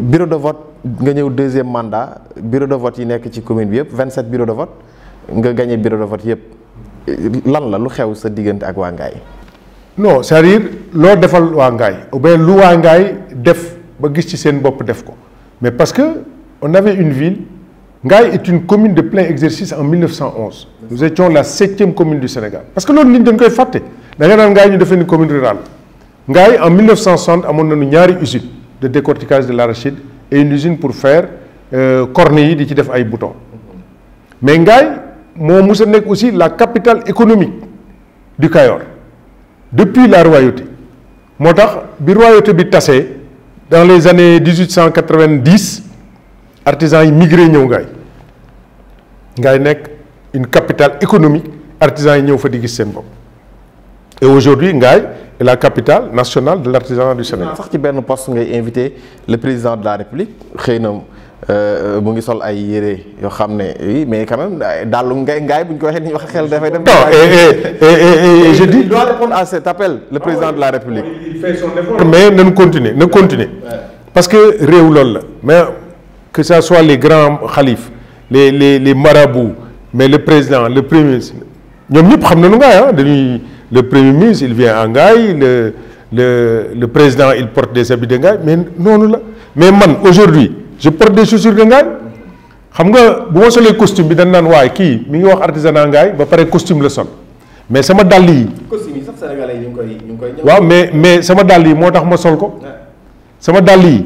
bureau de vote nga ñëw deuxième mandat bureau de vote yi nek ci commune bi yépp 27 bureau de vote nga gagné bureau de vote yépp lan la lu xew sa diggante ak wa ngaay non c'est-à-dire loo defal wa ngaay ou bien lu wa ngaay def ba gis ci seen bop def ko mais parce que on avait une ville Ngaï est une commune de plein exercice en 1911. Nous étions la septième commune du Sénégal. Parce que l'autre ligne d'un faté. nous devons une commune rurale. Ngaï, en 1960, nous avons une usine de décorticage de l'arachide et une usine pour faire euh, cornilles qui des boutons. Mais Ngaï, est aussi la capitale économique du Cayor. Depuis la royauté. Motar, la royauté dans les années 1890, artisans migré à Ngaï ngay Nek, une capitale économique artisans yi ñëw fa et aujourd'hui Ngaï est la capitale nationale de l'artisanat du Sénégal. Je ci que poste ngay inviter le président de la République xëy na euh, mu ngi sol ay mais quand même il Ngaye Ngaye bu ko waxee non je dis. il doit répondre à cet appel le président de la République. il fait son effort mais nous continuer ne continuer. parce que Réoulol, mais que ce soit les grands khalifs, les les les marabouts mais le président le premier ministre nous ñëpp xam ngaay ah, le premier ministre il vient à Ngaye le le le président il porte des habits de Ngaye mais non... la mais man aujourd'hui je porte des chaussures de Ngaye xam nga bu ma solee costume bi dañ naan waaye kii mi ngi wax artisanat Ngaye ba costume le sol mais sama ma dali costume sax sénégalais ñu koy ñu mais mais sama dàll yi moo tax ma sol ko. sama dali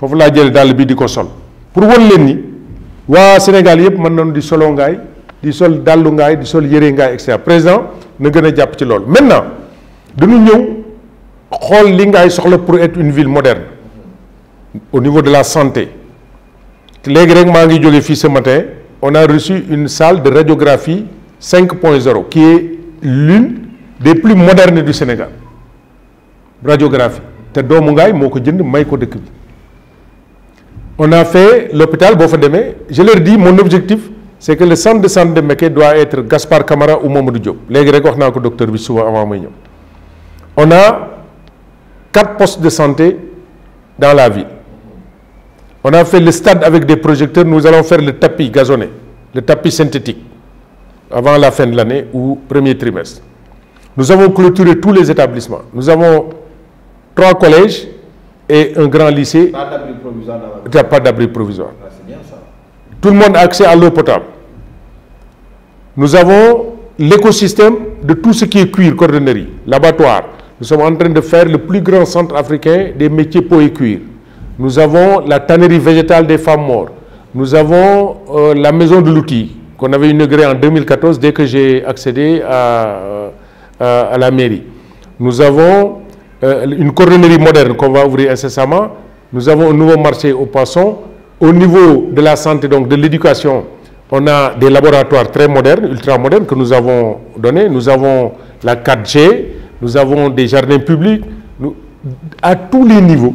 fofu laa jël dàll bi di ko sol pour vous leen ni waa Sénégal yëpp mën nañu di solo ngaay di sol dàllu ngaay di sol yëre ngaay et cetera président na gën a ci loolu maintenant dañu ñëw xool li ngaay soxla pour être une ville moderne au niveau de la santé léegi rek maa ngi ce matin on a reçu une salle de radiographie 5.0 qui est l'une des plus modernes du Sénégal radiographie te doomu ngaay moo ko jënd may ko dëkk bi on a fait l'hôpital Bofademe. Je leur dis, mon objectif, c'est que le centre de santé de Meké doit être Gaspard Camara ou Mamadou Diop. Les Grecs docteur avant On a quatre postes de santé dans la ville. On a fait le stade avec des projecteurs. Nous allons faire le tapis gazonné, le tapis synthétique, avant la fin de l'année ou premier trimestre. Nous avons clôturé tous les établissements. Nous avons trois collèges et un grand lycée. Pas d'abri provisoire. pas d'abri provisoire. Ah, bien ça. Tout le monde a accès à l'eau potable. Nous avons l'écosystème de tout ce qui est cuir, cordonnerie, l'abattoir. Nous sommes en train de faire le plus grand centre africain des métiers peau et cuir. Nous avons la tannerie végétale des femmes mortes. Nous avons euh, la maison de l'outil qu'on avait inaugurée en 2014 dès que j'ai accédé à, euh, la mairie. Nous avons euh, une coronerie moderne qu'on va ouvrir incessamment. Nous avons un nouveau marché aux poissons. Au niveau de la santé, donc de l'éducation, on a des laboratoires très modernes, ultra modernes que nous avons donnés. Nous avons la 4G, nous avons des jardins publics. à tous les niveaux,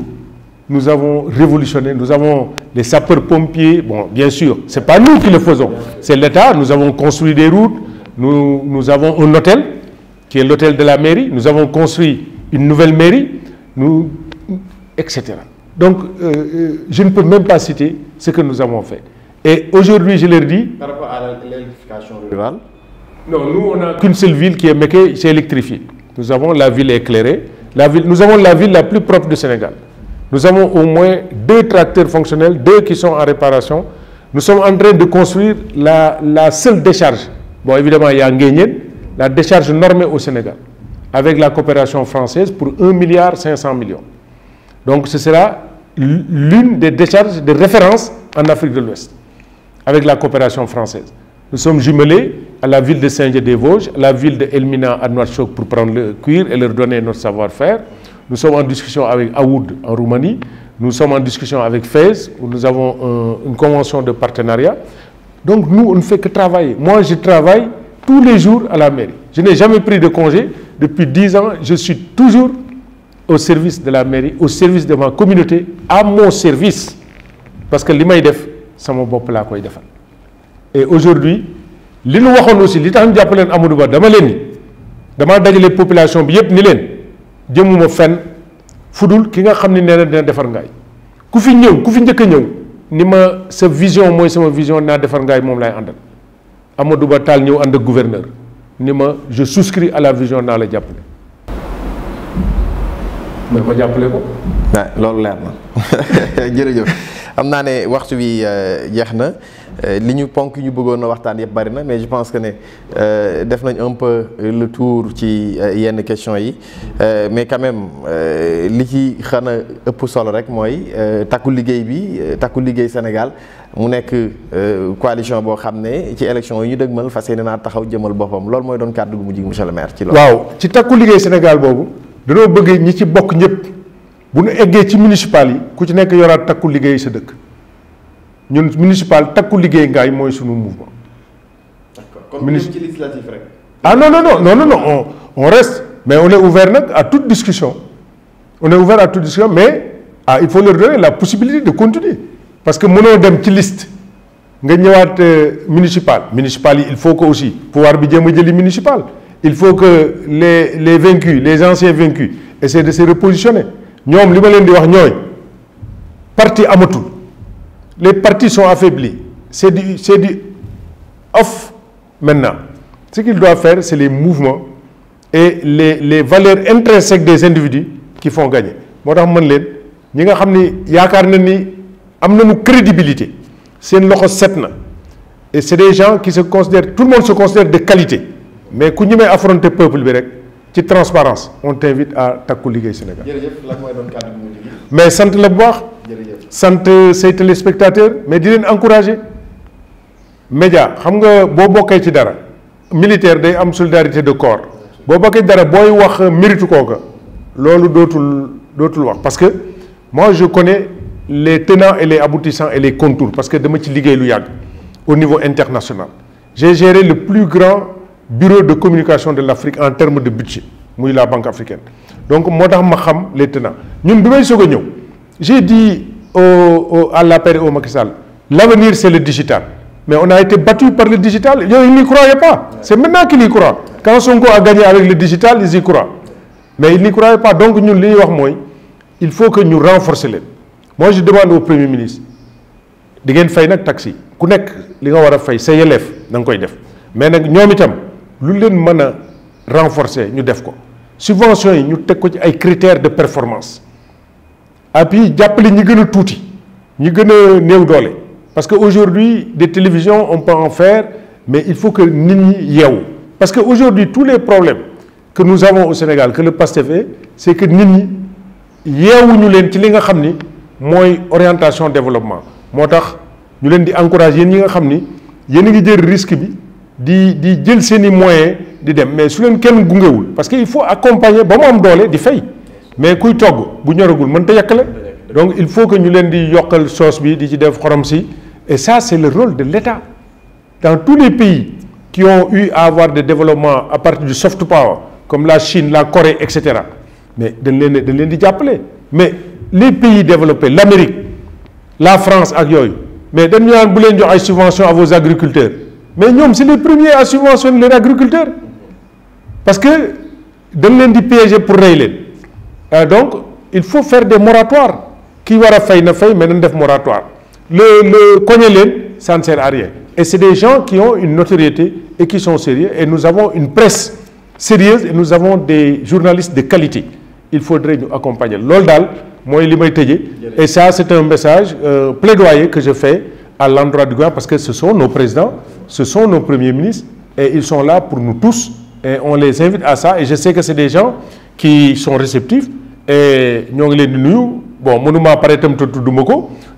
nous avons révolutionné. Nous avons les sapeurs-pompiers. Bon, bien sûr, ce n'est pas nous qui le faisons, c'est l'État. Nous avons construit des routes. Nous, nous avons un hôtel qui est l'hôtel de la mairie. Nous avons construit une nouvelle mairie, etc. Donc, euh, euh, je ne peux même pas citer ce que nous avons fait. Et aujourd'hui, je leur dis... Par rapport à l'électrification rurale Non, nous, on n'a qu'une seule ville qui est Meké, électrifiée. Nous avons la ville éclairée. nous avons la ville la plus propre du Sénégal. Nous avons au moins deux tracteurs fonctionnels, deux qui sont en réparation. Nous sommes en train de construire la, seule décharge. Bon, évidemment, il y a Nguyen, la décharge normée au Sénégal avec la coopération française pour 1 milliard 500 millions. Donc ce sera l'une des décharges de référence en Afrique de l'Ouest, avec la coopération française. Nous sommes jumelés à la ville de saint gédé des vosges à la ville de Elmina à Noirchok pour prendre le cuir et leur donner notre savoir-faire. Nous sommes en discussion avec Aoud en Roumanie. Nous sommes en discussion avec Fez, où nous avons une convention de partenariat. Donc nous, on ne fait que travailler. Moi, je travaille tous les jours à la mairie. Je n'ai jamais pris de congé. Depuis 10 ans, je suis toujours au service de la mairie, au service de ma communauté, à mon service. Parce que l'IMAIDEF, c'est mon bon Et aujourd'hui, que nous aussi li tax dama nous ni population ni fudul na ngaay ku fi ku fi ni ma vision vision Amadou Ba ñeu ñëw gouverneur ni ma je souscris à la vision naa la jàppale. mais ma jàppale ko. waaw ah, loolu leer <laughs> jërëjëf amna né waxtu wi euh, jeex liñu euh, li ñu ponk ñu bëggoon a waxtaan yëpp bari na mais je pense que né euh, def nañ un peu le tour ci yenn question yi mais quand même li ci xana ëpp solo rek moy takku liggéey bi takku liggéey Sénégal mu nekk coalition bo xamné ci élection yi ñu dëgmal fas yéene taxaw jëmal bopam lool moy doon cadre bu mujj gi monsieur le maire. ci lool waaw ci takku liggéey Sénégal bobu dañu bëgg ñi ci bok ñëpp. Si vous ci municipal yi ku ci nekk yoraat takku liggéey sa dëkk ñun municipal takku liggéey ngaay mouvement. d'accord comme législatif ah non non non non non non on reste mais on est ouvert à toute discussion on est ouvert à toute discussion mais ah, il faut leur donner la possibilité de continuer parce que mënoo dem ci liste nga ñëwaat euh, municipal municipal yi il faut que aussi pouvoir bi municipal il faut que les les vaincus les anciens vaincus essaient de se repositionner ñoom li ma les partis sont affaiblis c'est du c'est du off maintenant ce qu'ils doivent faire c'est les mouvements et les valeurs intrinsèques des individus qui font gagner moo tax mën leen ñi nga xam ni crédibilité seen loxo set et c'est des gens qui se considèrent tout le monde se considère de qualité mais ku ñemee affronter peuple bi rek ci transparence on t'invite à takku au Sénégal. mais sante le bu sante jërëjëf euh, téléspectateurs mais di leen encourager. média xam nga bo bokay ci dara militaire day am solidarité de corps Bobo, bokay dara boy wax euh, ko lolou dotul dotul wax parce que moi je connais les tenants et les aboutissants et les contours parce que dama ci liguey lu yag au niveau international j'ai géré le plus grand bureau de communication de l'Afrique en termes de budget muy la banque africaine donc je tax ma xam les tenants ñun bi j'ai dit au à à au Makissal l'avenir c'est le digital mais on a été battu par le digital ils n'y croyaient pas c'est maintenant qu'ils y croient quand Sonko a gagné avec le digital ils y croient mais ils n'y croyaient pas donc nous, li wax il faut que nous renforcer moi je demande au premier ministre di faire fay taxi ku nekk li nga war fay say élèves da mais nous sommes nous mana renforcer ñu def ko subvention yi ñu critères de performance appui nous ñi gën les tuuti ñi gën parce qu'aujourd'hui, des télévisions on peut en faire mais il faut que nit ñi yeewu parce qu'aujourd'hui, tous les problèmes que nous avons au Sénégal que le passé fait, c'est que nit ñi yeewuñu leen ci li nga xam orientation développement moo tax ñu leen di encourager y nga y a di di jël seen i moyens di dem mais su leen kenn gungewul parce que il faut accompagner ba mu am doole di fay mais kuy togg bu ñoragul mënta yàqale donc il faut que ñu leen di yokkal sauce bi di ci def et ça c'est le rôle de l'État dans tous les pays qui ont eu à avoir des développements à partir du soft power comme la Chine la Corée etc mais dañ leen dañ leen di mais les pays développés l'Amérique la France ak mais dañu naan bu leen jox ay subventions à vos agriculteurs mais nous, sommes les premiers à subventionner les agriculteurs, parce que nous avons des PSG pour les ah, donc il faut faire des moratoires Qui va faire fay na mais moratoire le le ça ne sert à rien et c'est des gens qui ont une notoriété et qui sont sérieux et nous avons une presse sérieuse et nous avons des journalistes de qualité il faudrait nous accompagner L'Oldal moi il m'a may et ça c'est un message euh, plaidoyer que je fais à l'endroit du gouvernement parce que ce sont nos présidents, ce sont nos premiers ministres et ils sont là pour nous tous. Et on les invite à ça et je sais que c'est des gens qui sont réceptifs et nous les nous bon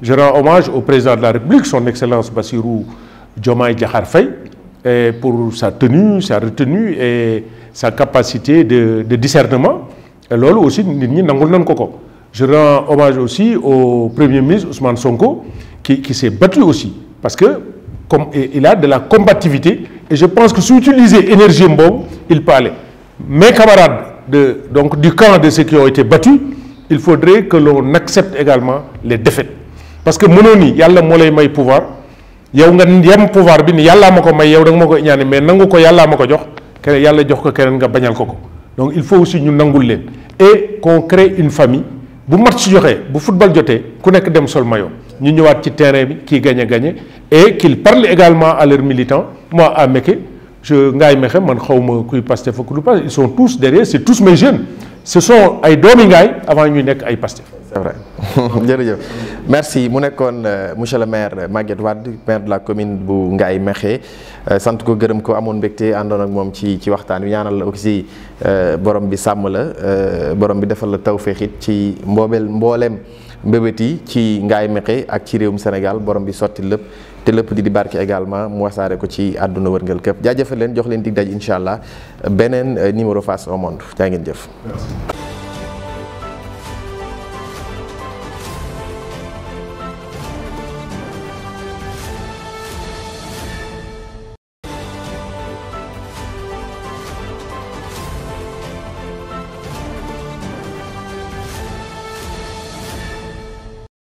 je rends hommage au président de la République son excellence Bassirou Diomaye Diakhar pour sa tenue sa retenue et sa capacité de, discernement aussi je rends hommage aussi au premier ministre Ousmane Sonko qui, s'est battu aussi. Parce que comme, il a de la combativité. Et je pense que si utilisait énergie bombe, il parlait. Mes camarades de, donc, du camp de ceux qui ont été battus, il faudrait que l'on accepte également les défaites. Parce que Mononi, il y a le pouvoir. yow nga yem pouvoir bi ni yàllaa ma ko may yow da nga ma nous ñaane mais nangu ko yàllaa ma ko jox keneen yàlla jox ko keneen nga bañal le pouvoir... donc il faut aussi nous nous leen et qu'on crée une famille bu match joxee bu football jotee ku nekk dem sol maillot ñu ñëwaat ci terrain bi kii gagné gagné et qu'il parle également à leurs militants moi à Meké, je ngaay Mexe man xawma ma kuy Pastef ak lu pas ils sont tous derrière c'est tous mes jeunes ce sont ay doomi ngaay avant ñu nekk ay Pastef. c'est vrai <laughs> jërëjëf merci mu nekkoon euh, monsieur le maire euh, Maguette Wade maire de la commune bu Ngaye Mexe euh, sant ko gërëm ko amoon mbégte àndoon ak moom ci ci waxtaan wi ñaanal la aussi borom bi sàmm la borom bi defal la tawféex it ci mboobeel mbooleem. mbébét yi ci ngaay mexe ak ci réewum Sénégal borom bi sotti lépp te lépp di di barke également mu wasaare ko ci àdduna wërngël këpp jaajëfal leen jox leen dig daj incha allah beneen euh, numéro face au monde jaa ngeen jëf.